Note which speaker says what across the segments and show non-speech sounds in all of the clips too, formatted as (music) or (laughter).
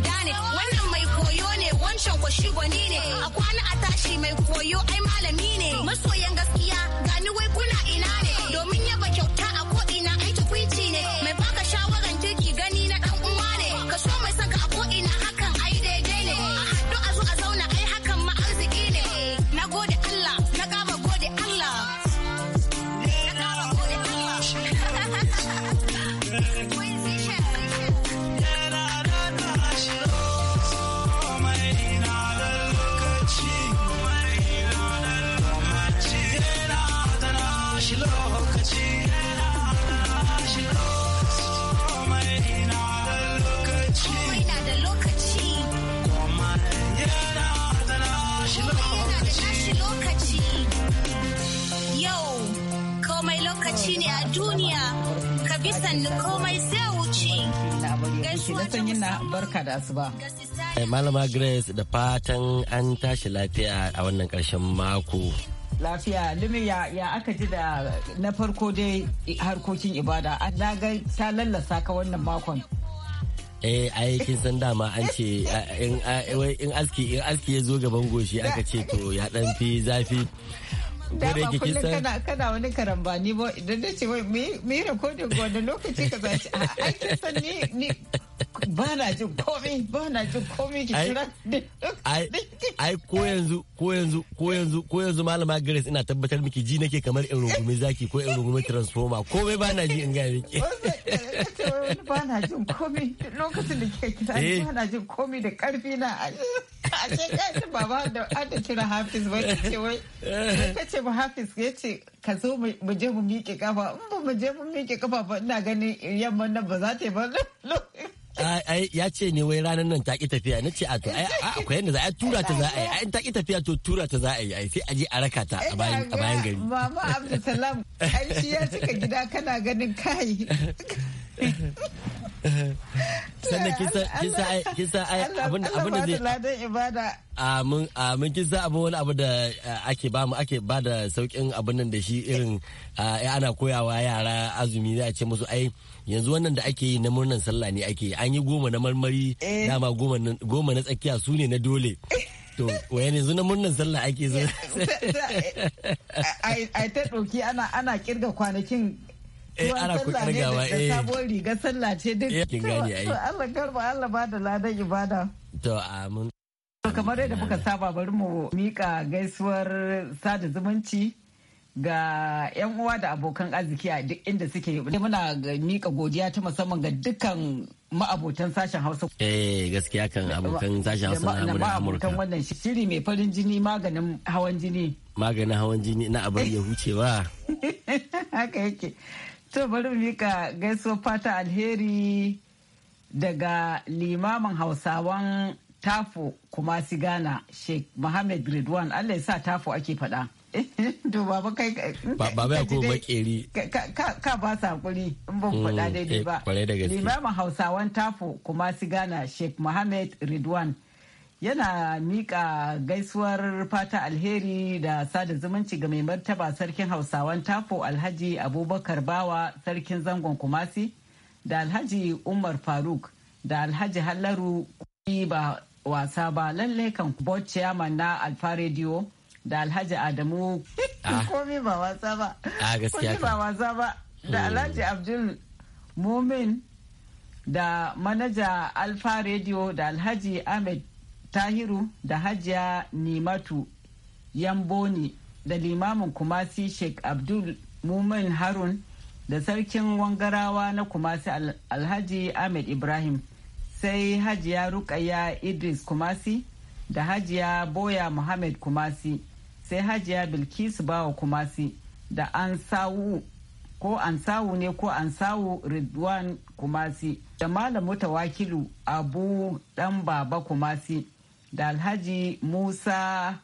Speaker 1: guda ne wannan mai koyo ne wancan ko shi gwani ne a kwana a tashi mai koyo ai malami ne masoyan gaskiya gani wai kuna ina ne domin yaba kyauta a bisan komai sai
Speaker 2: barka da asuba.
Speaker 3: Eh, Malama Grace da fatan an tashi lafiya a wannan ƙarshen mako.
Speaker 2: lafiya lumi ya, aka ji da na farko dai harkokin ibada na ga ta lallasa ka wannan makon
Speaker 3: eh ai san dama an ce in aski ya zo gaban goshi aka ce to ya ɗan fi zafi dama kullum kana
Speaker 2: kana wani karambani ba idan da ce wai me rikodin wanda lokaci ka zaci ai kin san ni ni ba na jin komai ba na jin komai ki kira
Speaker 3: ai ai ko yanzu ko yanzu ko yanzu ko yanzu malama Grace ina tabbatar miki ji nake kamar in rungume zaki ko in rungume transformer komai ba na ji in ga miki
Speaker 2: eh, ba na jin komai lokacin da kika kira eh. ba na jin komai da karfi na a ce kai baba da kira Hafiz ba ce wai kace mu Hafiz ya ce ka zo mu je mu miƙe kafa in ba mu je mu miƙe kafa ba ina ganin yamman nan ba za ta yi ba
Speaker 3: (laughs) ya ce ne wai ranar nan ta ki tafiya na ce a to ai akwai yadda za a tura ta za a yi ai ta ki tafiya to tura ta za a yi ai sai a je a raka ta a bayan gari
Speaker 2: mama abdulsalam ai shi ya cika gida kana ganin kai (laughs)
Speaker 3: sannan kisa ai abinda abinda zai
Speaker 2: ladan
Speaker 3: amin kisa abu wani abu da eh, ake ba mu ake ba da saukin abin nan da shi irin eh, ana koyawa yara azumi za a ce musu ai yanzu wannan da ake yi na murnan sallah ne ake an yi goma na marmari eh. dama goma na tsakiya su ne na dole To, wayan yanzu na murnan sallah ake zuwa
Speaker 2: (laughs) Ai, ta ɗauki ana kirga kwanakin
Speaker 3: eh ana ku eh
Speaker 2: sabon riga sallah ce duk eh, kin gani ai to Allah karba Allah ba da ladan ibada
Speaker 3: to amin kamar
Speaker 2: yadda muka saba bari mu mika gaisuwar sada zumunci ga 'yan uwa da abokan arziki a duk inda suke muna mika godiya ta musamman ga dukkan ma'abotan sashen hausa
Speaker 3: eh gaskiya kan abokan sashen hausa na amurka ma'abotan
Speaker 2: wannan shiri mai farin jini maganin hawan jini
Speaker 3: maganin hawan jini na abar ya huce ba
Speaker 2: (laughs) haka yake To bari mika gaisuwar fata alheri daga limamin hausawan tafo kuma sigana Sheikh Mohammed Ridwan Allah ya sa tafo ake faɗa. (laughs) to baba kai baba ya kuma makeri ka ba sa kuri in ban mm, faɗa daidai eh, ba limamin hausawan tafo kuma sigana Sheikh Mohammed Ridwan yana miƙa gaisuwar fata alheri da sada zumunci ga mai martaba sarkin hausawan tafo alhaji abubakar bawa sarkin zangon kumasi da alhaji umar faruk da alhaji hallaru ba wasa ba lallai kan kubot chairman na alfa radio da alhaji adamu ah. (laughs) komi ba wasa ba ah, komi ba wasa ba da hmm. alhaji abdul mumin da manaja alfa radio da alhaji ahmed tahiru da hajiya nimatu yamboni da limamin kumasi sheikh abdul mumin harun da sarkin wangarawa na kumasi alhaji ahmed ibrahim sai hajiya rukaya idris kumasi da hajiya boya muhammad kumasi sai hajiya bilkisu bawa kumasi da an ko an sawu ne ko an sawu ridwan kumasi da malam mutawakilu abu dan baba kumasi da alhaji musa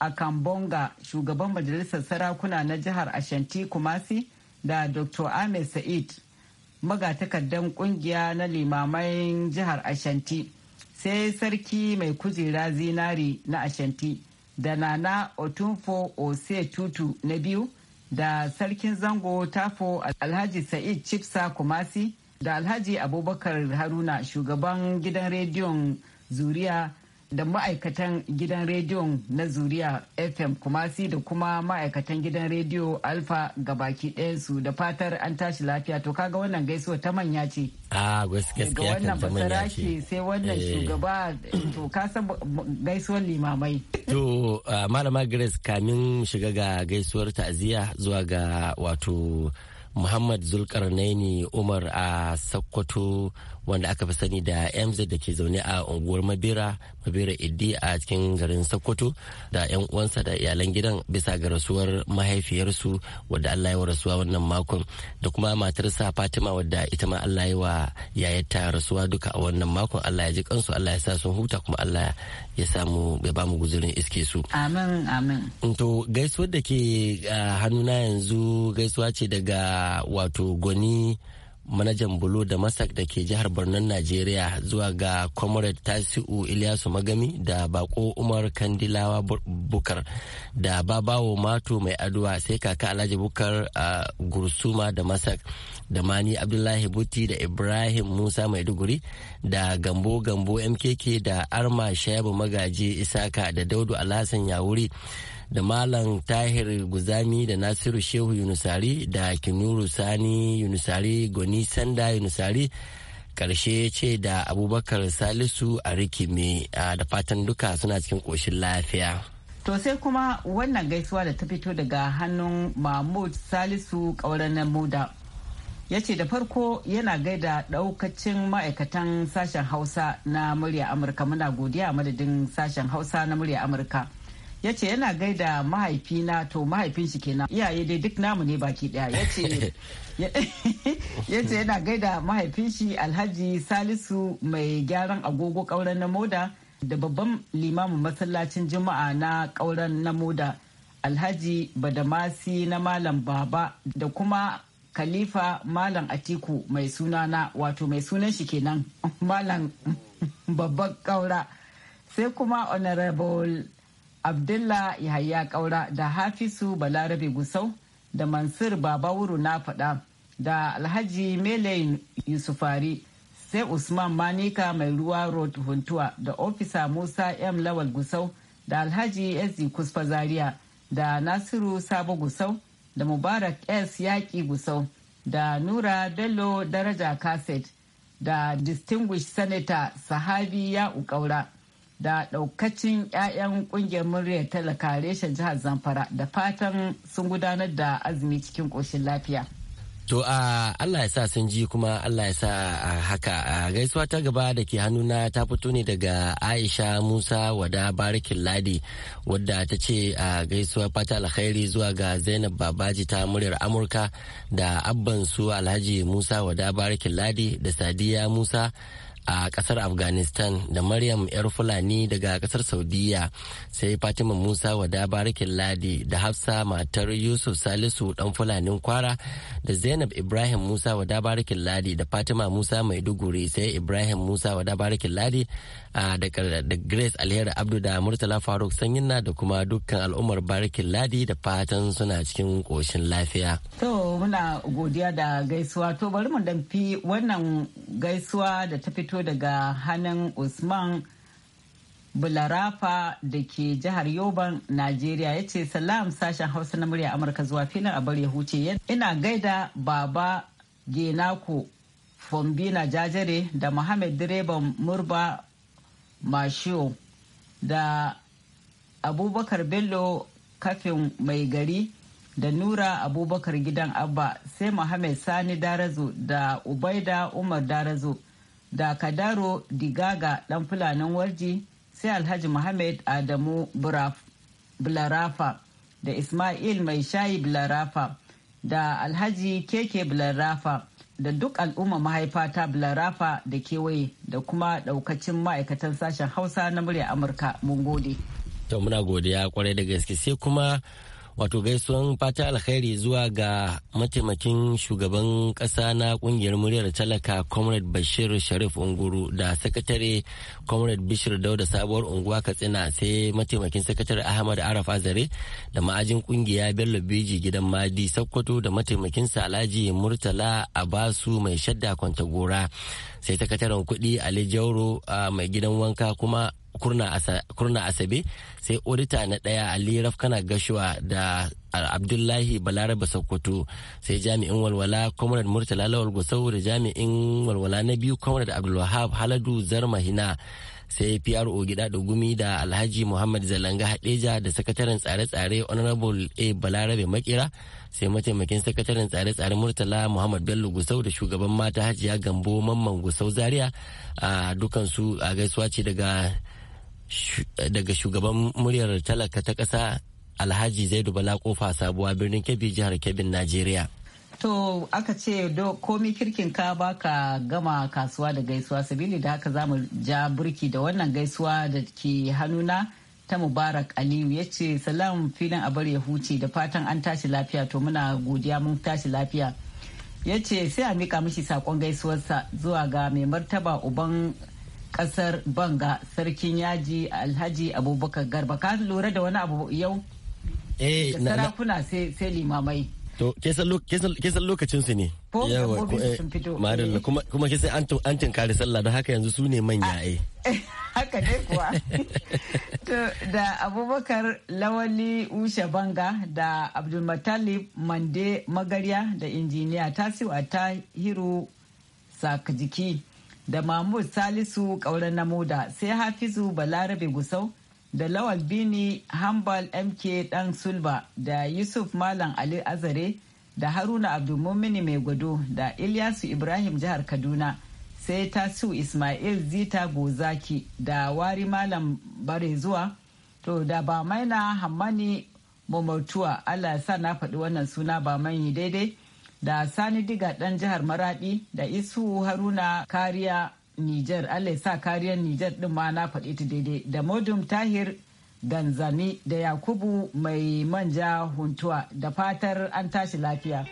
Speaker 2: akambonga shugaban majalisar sarakuna na jihar ashanti kumasi da dr ahmed sa'id magatakardan kungiya na limamain jihar ashanti sai sarki mai kujera zinari na ashanti da nana otunfo ose tutu na biyu da sarkin zango tafo alhaji sa'id chipsa kumasi da alhaji abubakar haruna shugaban gidan rediyon zuriya da ma'aikatan gidan rediyon na zuriya fm kumasi da kuma ma'aikatan gidan rediyo alfa baki su da fatar an tashi lafiya to kaga wannan gaisuwa ta manya ce
Speaker 3: a ah, gaskiya ce
Speaker 2: sai wannan eh. shugaba to ka gaisuwar limamai
Speaker 3: to ah, malama grace kamin shiga ga gaisuwar ta'aziyya zuwa ga wato muhammad zulkarnaini umar a sakkwato wanda aka fi sani da mz da ke zaune a unguwar mabera mabira iddi a cikin garin sokoto da yan uwansa da iyalan gidan bisa ga rasuwar mahaifiyarsu wadda allah ya rasuwa wannan makon da kuma matarsa fatima wadda ita ma allah ya wa ta rasuwa duka a wannan makon allah ya ji kansu allah ya sa sun huta kuma allah ya samu ya ba mu guzurin iske su amin amin to gaisuwar da ke hannuna yanzu gaisuwa ce daga wato goni. manajan bulo da masak da ke jihar birnin Najeriya zuwa ga Comrade Tasi'u Ilyasu Magami da Bako Umar Kandilawa Bukar da Babawo Mato Mai Aduwa sai kaka Alhaji Bukar a Gursuma da Masak da Mani Abdullahi Buti da Ibrahim Musa Maiduguri da Gambo Gambo MKK da Arma Shayabu Magaji Isaka da Daudu Alhassan Yawuri. da malam tahir guzami da nasiru shehu yunusari da kinuru sani yunusari goni sanda yunusari karshe ce da abubakar salisu a rikime da fatan duka suna cikin koshin lafiya
Speaker 2: to sai kuma wannan gaisuwa da ta fito daga hannun mahmud salisu ƙauren muda ya ce da farko yana gaida daukacin ma'aikatan sashen hausa na murya amurka muna godiya madadin sashen hausa na murya amurka ya ce yana gaida mahaifina to mahaifin shi kenan iyaye dai duk namu ne baki daya (laughs) ya (laughs) ce yana gaida mahaifin shi alhaji salisu mai gyaran agogo kauran na moda da babban limamin masallacin juma'a na kauran na moda alhaji badamasi na malam baba da kuma khalifa malam atiku mai sunana wato mai sunan shi kenan (laughs) malam babban kaura sai kuma honorable abdullah yahaya kaura da hafisu balarabe gusau da mansur babawuru na faɗa da alhaji mele yusufari sai usman manika mai ruwa road huntuwa da ofisa musa m lawal gusau da alhaji sd kusfa zaria da nasiru sabo gusau da mubarak s yaƙi gusau da nura bello daraja kaset da distinguished senator sahabi Ya'u ukaura da daukacin 'ya'yan kungiyar muryar talaka reshen jihar zamfara da fatan sun gudanar da azumi cikin ƙoshin lafiya
Speaker 3: to a allah ya sa sun ji kuma allah ya sa haka a gaisuwa ta gaba da ke hannu na ta fito ne daga aisha musa wada barikin ladi wadda ta ce a gaisuwa fata alkhairi zuwa ga zainab babaji ta muryar amurka da abban su alhaji musa wada barikin ladi da sadiya musa a kasar afghanistan da maryam yar fulani daga kasar saudiya sai fatima musa wada barikin ladi da hafsa matar yusuf salisu dan fulanin kwara da zainab ibrahim musa wada barikin ladi da fatima musa maiduguri sai ibrahim musa wada barikin ladi da grace alheri abdu da murtala faruk sanyina da kuma dukkan al'ummar barikin ladi da fatan suna cikin koshin lafiya
Speaker 2: to muna godiya da gaisuwa to bari mu dan fi wannan gaisuwa da ta fito fito daga hannun Usman Bularafa da ke jihar Yoban, Najeriya ya ce salam sashen Hausa na murya Amurka zuwa filin a bari ya huce. Ina gaida baba Genako Fombina Jajare da Muhammad Direban Murba Mashio da Abubakar Bello kafin mai gari da Nura Abubakar gidan Abba sai Muhammad Sani darazu da Ubaida Umar darazu. da kadaro digaga dan fulanin warji sai alhaji muhammad adamu bularafa da ismail mai shayi bularafa da alhaji keke bularafa da duk al'umma mahaifata ta bularafa da kewaye da kuma daukacin ma'aikatan sashen hausa na murya amurka mun gode.
Speaker 3: to muna godiya kwarai da gaske sai kuma wato gaisuwan fata alkhairi zuwa ga mataimakin shugaban kasa na kungiyar muryar talaka comrade bashir sharif unguru da sakatare comrade bishir dauda sabuwar unguwa katsina sai mataimakin sakatare ahmad Arafa azare da ma'ajin kungiya bello Biji gidan madi sakkwato da mataimakinsa alhaji murtala abasu mai shadda kwantagora sai sakataren kuɗi ali jauro mai gidan wanka kuma kurna asabe sai odita na daya ali rafkana gashuwa da abdullahi balaraba sokoto sai jami'in walwala comrade murtala lawal gusau da jami'in walwala na biyu comrade abdulwahab haladu zarma hina sai pro gida da gumi da alhaji muhammad zalanga hadeja da sakataren tsare-tsare honorable a balarabe makira sai mataimakin sakataren tsare-tsare murtala muhammad bello gusau da shugaban mata hajiya gambo mamman gusau zaria a dukansu a gaisuwa ce daga daga shugaban muryar talaka ta ƙasa alhaji zaidu bala kofa sabuwa birnin kebbi jihar kebbin najeriya
Speaker 2: to aka ce komi kirkin ka baka gama kasuwa da gaisuwa sabili da haka zamu ja burki da wannan gaisuwa da ke hannuna ta mubarak aliyu ya ce salam filin abar ya huce da fatan an tashi lafiya to muna godiya mun tashi lafiya ya ce sai a mika mishi sakon gaisuwarsa zuwa ga mai martaba uban kasar banga sarkin yaji alhaji abubakar garba ka lura da wani abu yau eh sarakuna sai limamai
Speaker 3: To, kesan lokacin su eh, ne. Yawa, madalla kuma kesan an tinkari sallah don haka yanzu su ne manya ai. Ah, eh.
Speaker 2: (laughs) Haka ne kuwa. (laughs) To, da abubakar lawali ushe banga da abdulmatalib mande magarya da injiniya tasiwa ta hiru sakajiki da mahmud salisu kauran namoda sai hafizu balarabe gusau da lawal bini hambal mk dan sulba da yusuf malam ali azare da haruna abdulmumini mai gwado da ilyasu ibrahim jihar kaduna sai tasu ismail zita gozaki da wari malam bare zuwa to da ba maina hammani momotuwa allah sa na faɗi wannan suna ba manyi daidai da Sani Diga dan jihar Maradi da Isu Haruna Kariya Nijar, Allah sa kariyar Nijar ɗin ma na faɗi ta daidai, da Modum Tahir ganzani da Yakubu mai manja huntuwa da fatar an tashi lafiya.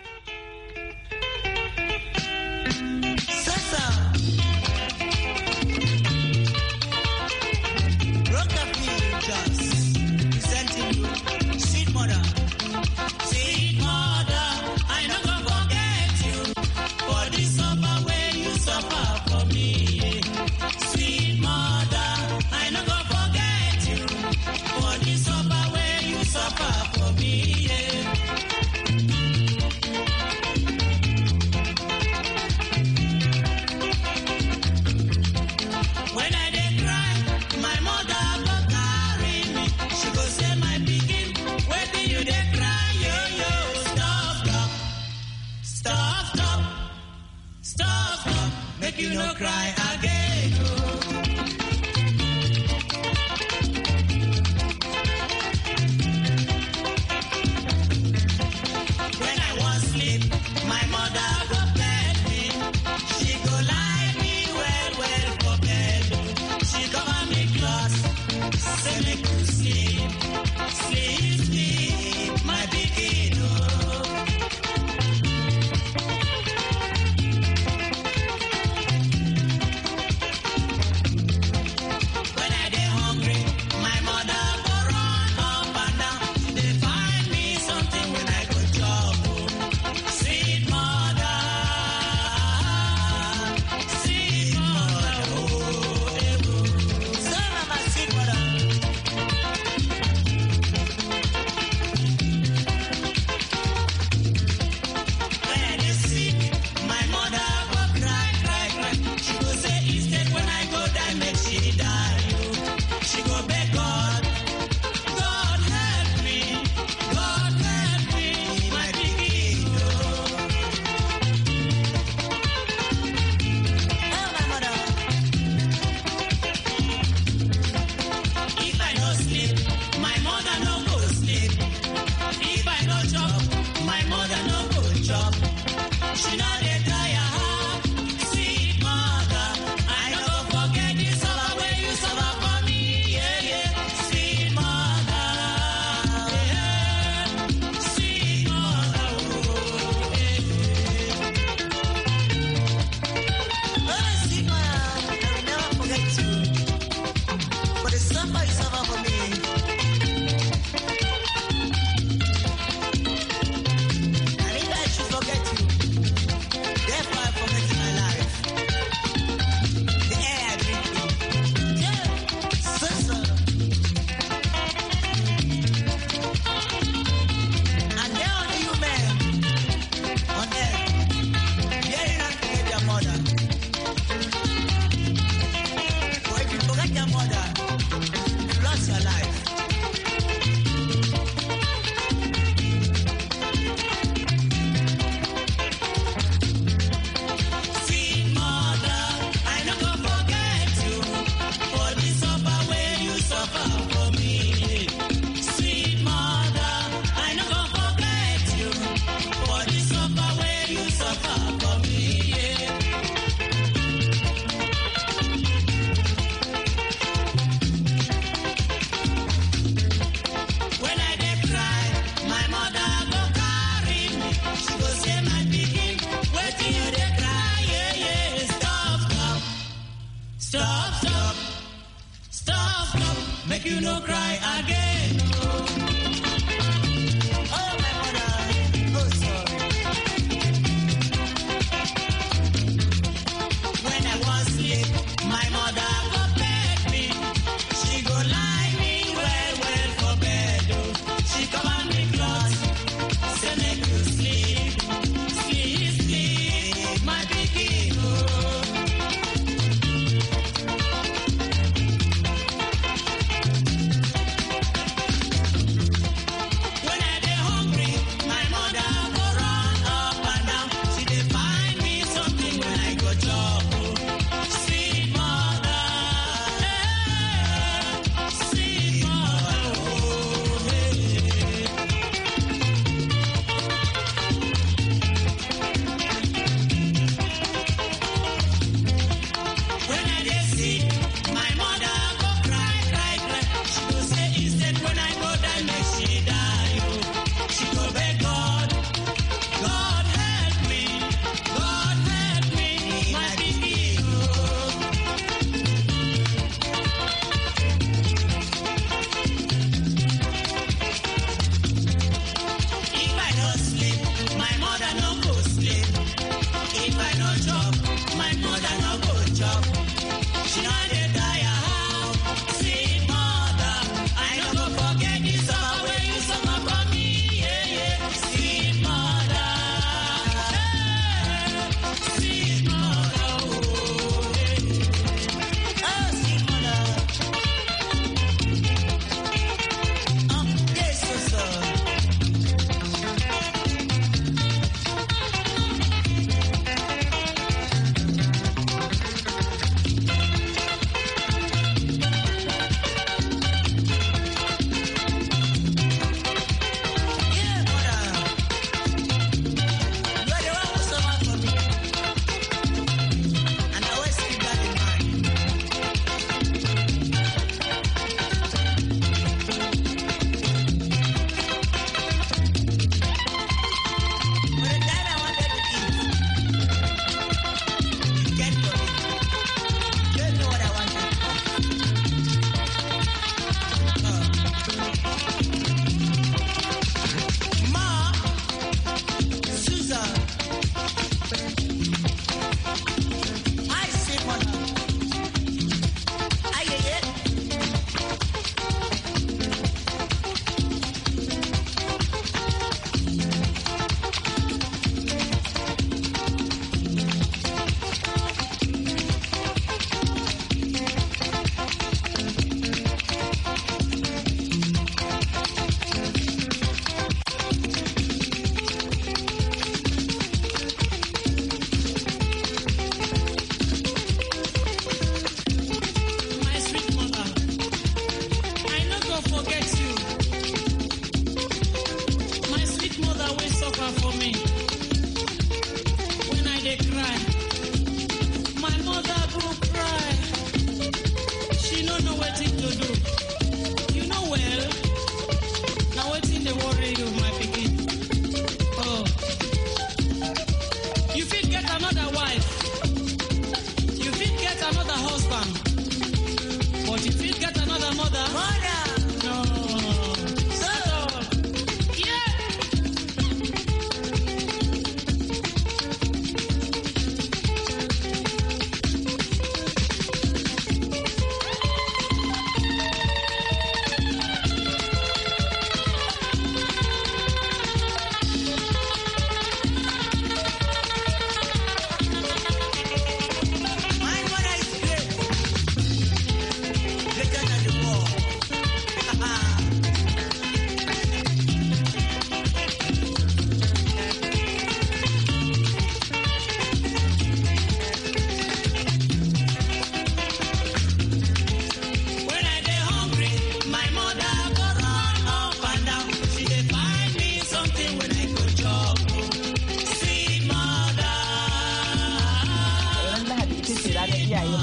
Speaker 4: make you no cry again.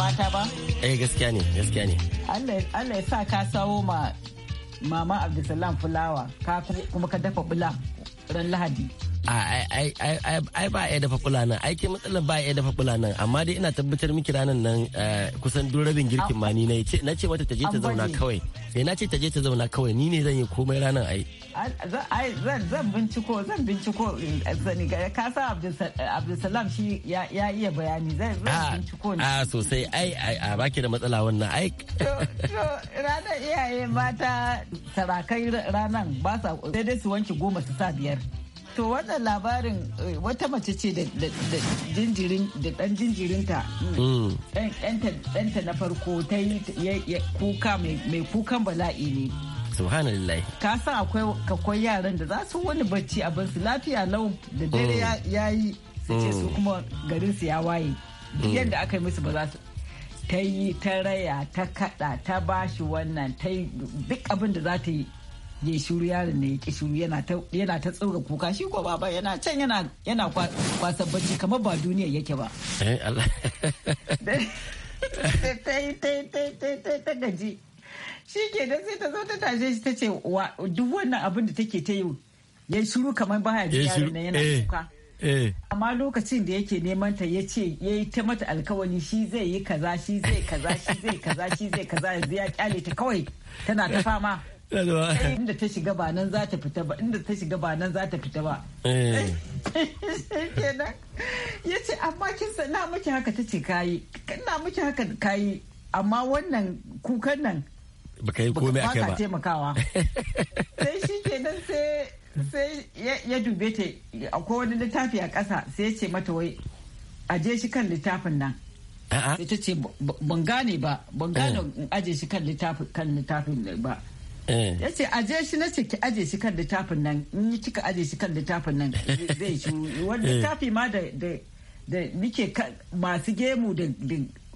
Speaker 2: mata ba?
Speaker 3: Eh gaskiya ne, gaskiya ne.
Speaker 2: Allah ya sa ka sawo ma Mama Abdulsalam fulawa ka kuma ka dafa bula ran Lahadi.
Speaker 3: ai ba ya dafa fula nan aiki matsalar ba ya dafa fula nan amma dai ina tabbatar miki ranar nan eh, kusan durabin girkin ma ni na ce mata ta je ta zauna kawai eh na ce ta je ta zauna kawai ni ne zan yi komai ranar
Speaker 2: ai zan binciko zan binciko eh, ka sa eh, abdulsalam shi ya iya bayani zan
Speaker 3: ah, binciko ne a ah, sosai ai a baki da matsala wannan ai
Speaker 2: ranar iyaye mata sarakai ranar ba sa sai dai su wanke goma su sa biyar to wannan labarin eh, wata mace ce da jinjirin da dan jinjirinta mm. ɗanta na farko ta yi kuka mai kukan bala'i ne
Speaker 3: subhanallah
Speaker 2: ka san akwai yaran da za su wani bacci a su lafiya lau da dare ya mm. yi su ce su mm. kuma garin su ya waye yadda aka yi musu ba za su ta yi ta raya ta kada ta bashi wannan ta yi duk abin da za ta yi je shiru yaron ne ya shiru yana ta yana ta tsoga kuka shi ko baba yana can yana yana kwasa bacci kamar ba duniya yake ba eh Allah ta gaji shi ke da sai ta zo ta tashe shi ta ce wa duk wannan abin da take ta yi ya shiru kamar baya ji yaron ne yana eh, kuka eh. amma lokacin da yake neman ta ya ce ya yi ta mata alkawari shi zai yi kaza shi zai kaza shi zai kaza shi zai kaza ya ziya kyale ta kawai tana ta fama inda ta shiga ba nan za ta fita ba inda ta shiga ba nan za ta fita ba eh. kenan ya ce amma kin na miki haka ta ce kayi na miki haka kayi amma wannan kukan nan
Speaker 3: baka yi komai akai ba
Speaker 2: taimakawa (laughs) sai shi kenan sai sai ya dube ta akwai wani littafi a ƙasa sai ya ce mata wai aje shi kan littafin nan ita ce ban gane ba ban gane eh. aje shi kan littafin ba Eh. ya ce aje shi na ce ki aje shi kan littafin nan in yi kika aje shi kan littafin nan zai ci (laughs) eh. wani littafi ma da da nike masu gemu da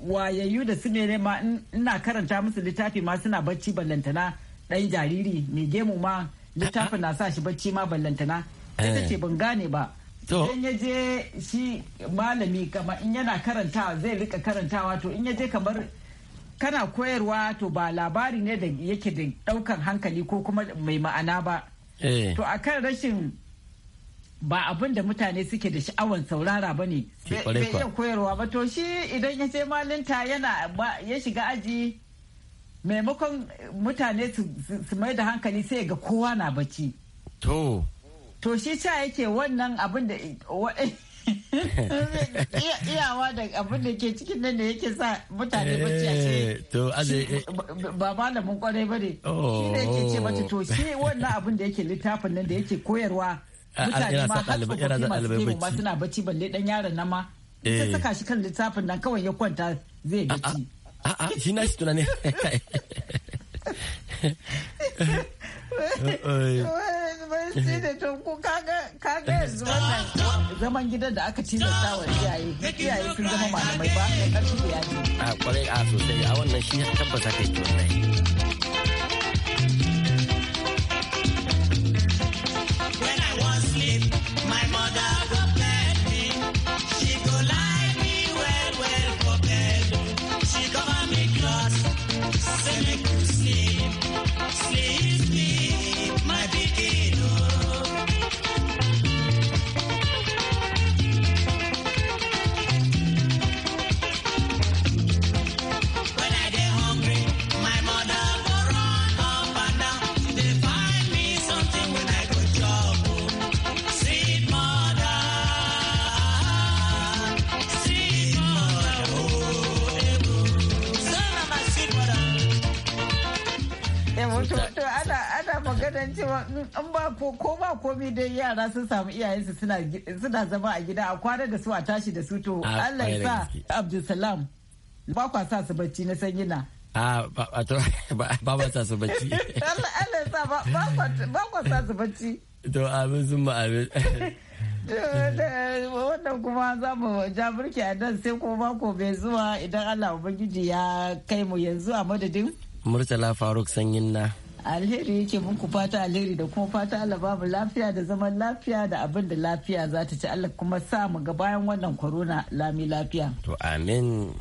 Speaker 2: wayayyu da su ne ma ina karanta musu littafi ma suna bacci ballantana dan jariri mai gemu ma littafin na sa shi bacci ma ballantana sai ce eh. ban gane ba idan ya je shi malami kamar in yana karantawa zai rika karantawa to in ya je kamar kana koyarwa to ba labari ne da yake da daukan hankali ko kuma mai ma'ana ba eh. to a kan rashin ba abin da mutane suke da sha'awan saurara ba ne iya koyarwa ba to shi idan ya je malinta yana ya shiga aji maimakon mutane su mai da hankali sai ga kowa na bacci to to shi sa yake wannan abin da iyawa da abin da ke cikin nan da yake sa mutane bacci
Speaker 3: a ce eh, eh.
Speaker 2: ba malamin kwarai ba ne shi ne ke ce mata to shi wannan abin da yake littafin nan da yake koyarwa
Speaker 3: mutane ma har tsofaffi masu kemu ma
Speaker 2: suna bacci balle dan yaron nan ma sai eh. saka shi kan littafin
Speaker 3: nan kawai ya kwanta zai bacci a'a shi na shi tunani (laughs)
Speaker 2: (laughs) (laughs) sai da to kaga kaga yanzu wannan zaman gidan da aka tilasta wa iyaye iyaye sun zama malamai ba da karfi
Speaker 3: a kwarai a sosai a wannan shi tabbata kai to
Speaker 2: in ba ko ko ba komai dai yara sun samu iyayensu suna suna zama a gida a kwana da su a tashi da su to Allah ya sa Abdulsalam ba kwa sa su bacci na san yana
Speaker 3: a ba (laughs) ba sa su bacci
Speaker 2: (laughs) Allah ya sa ba ba kwa sa su bacci
Speaker 3: to abin sun ba abin
Speaker 2: (laughs) wannan kuma za mu ja burki a nan sai ko mako bai zuwa idan Allah ubangiji ya kai mu yanzu a madadin
Speaker 3: Murtala Faruk Sanyin na.
Speaker 2: alheri yake muku fata alheri da kuma fata Allah babu lafiya da zaman lafiya da abin da lafiya za ta ci Allah kuma sa mu ga bayan wannan corona lami lafiya.
Speaker 5: To amin.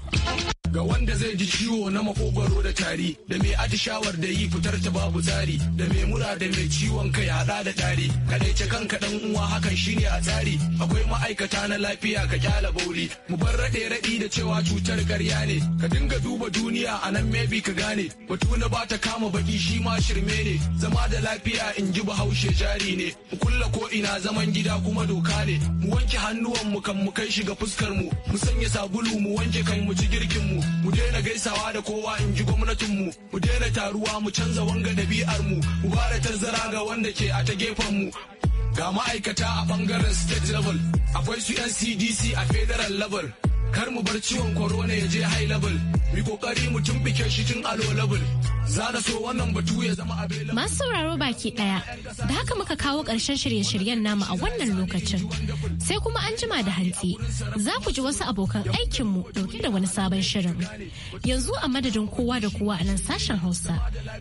Speaker 5: ga wanda zai ji ciwo na makogwaro da tari da mai aji shawar da yi fitar ta babu tsari da mai mura da mai ciwon kai hada da tari kadaice kanka dan uwa hakan shine a tsari akwai ma'aikata na lafiya ka kyala bauri mu bar rade radi da cewa cutar karya ne ka dinga duba duniya a nan maybe ka gane batu na ba ta kama baki shi ma shirme ne zama da lafiya in ji bahaushe jari ne mu kulla ko ina zaman gida kuma doka ne mu wanke hannuwan mu kan mu kai shi ga fuskar mu mu sanya sabulu mu wanke kan mu ci girkin mu mu daina gaisawa da kowa in ji gwamnatinmu mu daina taruwa mu canza wanga ɗabi'armu mu ba da tazara ga wanda ke a ta gefenmu ga ma'aikata a bangaren state level akwai su yan cdc a federal level kar mu bar ciwon korona ya je high level mu kokari mu tumbike shi tun alo level za da so wannan batu ya zama available masu
Speaker 1: sauraro baki daya da haka muka kawo karshen shirye-shiryen namu a wannan lokacin sai kuma an jima da hantsi za ku ji wasu abokan aikin mu dauke da wani sabon shirin yanzu a madadin kowa da kowa a nan sashen Hausa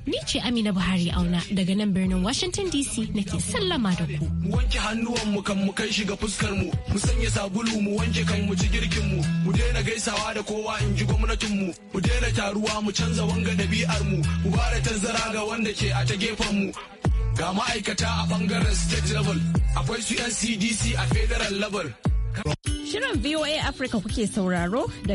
Speaker 1: ni ce Amina Buhari auna daga nan birnin Washington DC nake sallama da ku
Speaker 5: wanke hannuwan mu kan mu kai shiga fuskar mu mu sanya sabulu mu wanke kan mu ci girkin mu mu daina gaisawa da kowa in ji gwamnatinmu mu daina taruwa mu canza wanga dabi'ar mu mu ba da tanzara ga wanda ke a ta gefen mu ga ma'aikata a ɓangaren state level akwai su yan cdc a federal level
Speaker 1: shirin voa africa kuke sauraro